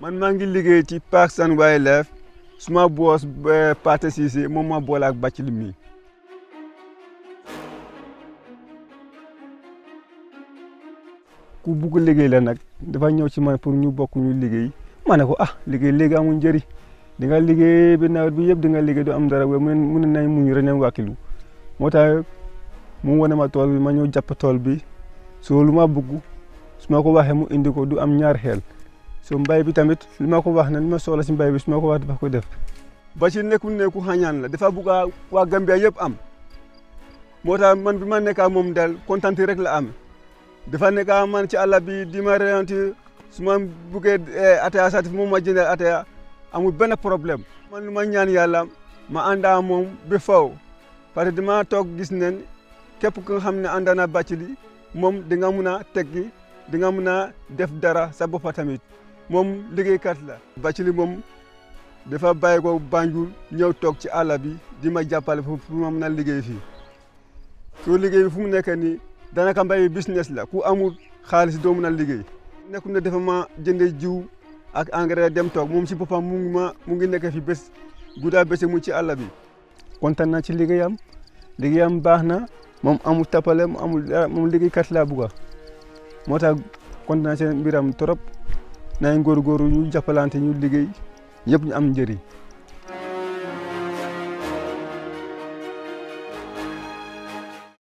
man maa ngi liggéey ci Parks and Wildlife suma boos eh, Pathé Cissé moom ma boole ak Bathily mi ku bugg liggéey la nag dafa ñëw ci man pour ñu bokk ñu liggéey ma ne ko ah liggéey léegi amul njëriñ di nga liggéey bi nawet bi yëpp di nga liggéey du am dara waaye mu ne nañ muñ reneen wàkkilu moo ta mu wane ma tool bi ma ñëw jàpp tool bi soo lu ma bugg su ma ko waxee mu indi ko du am ñaar xel so mbay bi tamit li ma ko wax ne li ma soxla si mbay bi su ma ko wax dafa ko def. Bachir nekkul ne ku xañaan la dafa bugg a waa Gambia yëpp am moo tax man bi ma nekkaa moom daal kontaan rek la am dafa nekkaa man ci àll bi di ma reyanti su ma buggee eh, ataya sax moom ma jëndal ataya amul benn problème. man ma ñaan yàlla ma àndaa moom ba faw parce que dama toog gis ne képp ku nga xam ne ànda na Bachir moom di nga mun a teggi di nga mun a def dara sa bopp tamit. moom liggéeykat la. Bathily moom dafa bàyyi ko Banjul ñëw toog ci àll bi di ma jàppale fu mu mën a liggéey fii so liggéey fu mu nekk nii danaka mbay business la ku amul xaalis doomu na a liggéey. nekkul ne dafa ma jënde jiw ak engrais dem toog moom si boppam mu ngi ma mu ngi nekk fi bés guddaa bés mu ci àll bi. kontaan naa ci liggéeyam liggéeyam baax na moom amul tapale mu amul moom liggéeykat laa bugga moo tax kontaan naa biram mbiram trop. na nañ góorgóorlu ñu jàppalante ñu liggéey yëpp ñu am njëriñ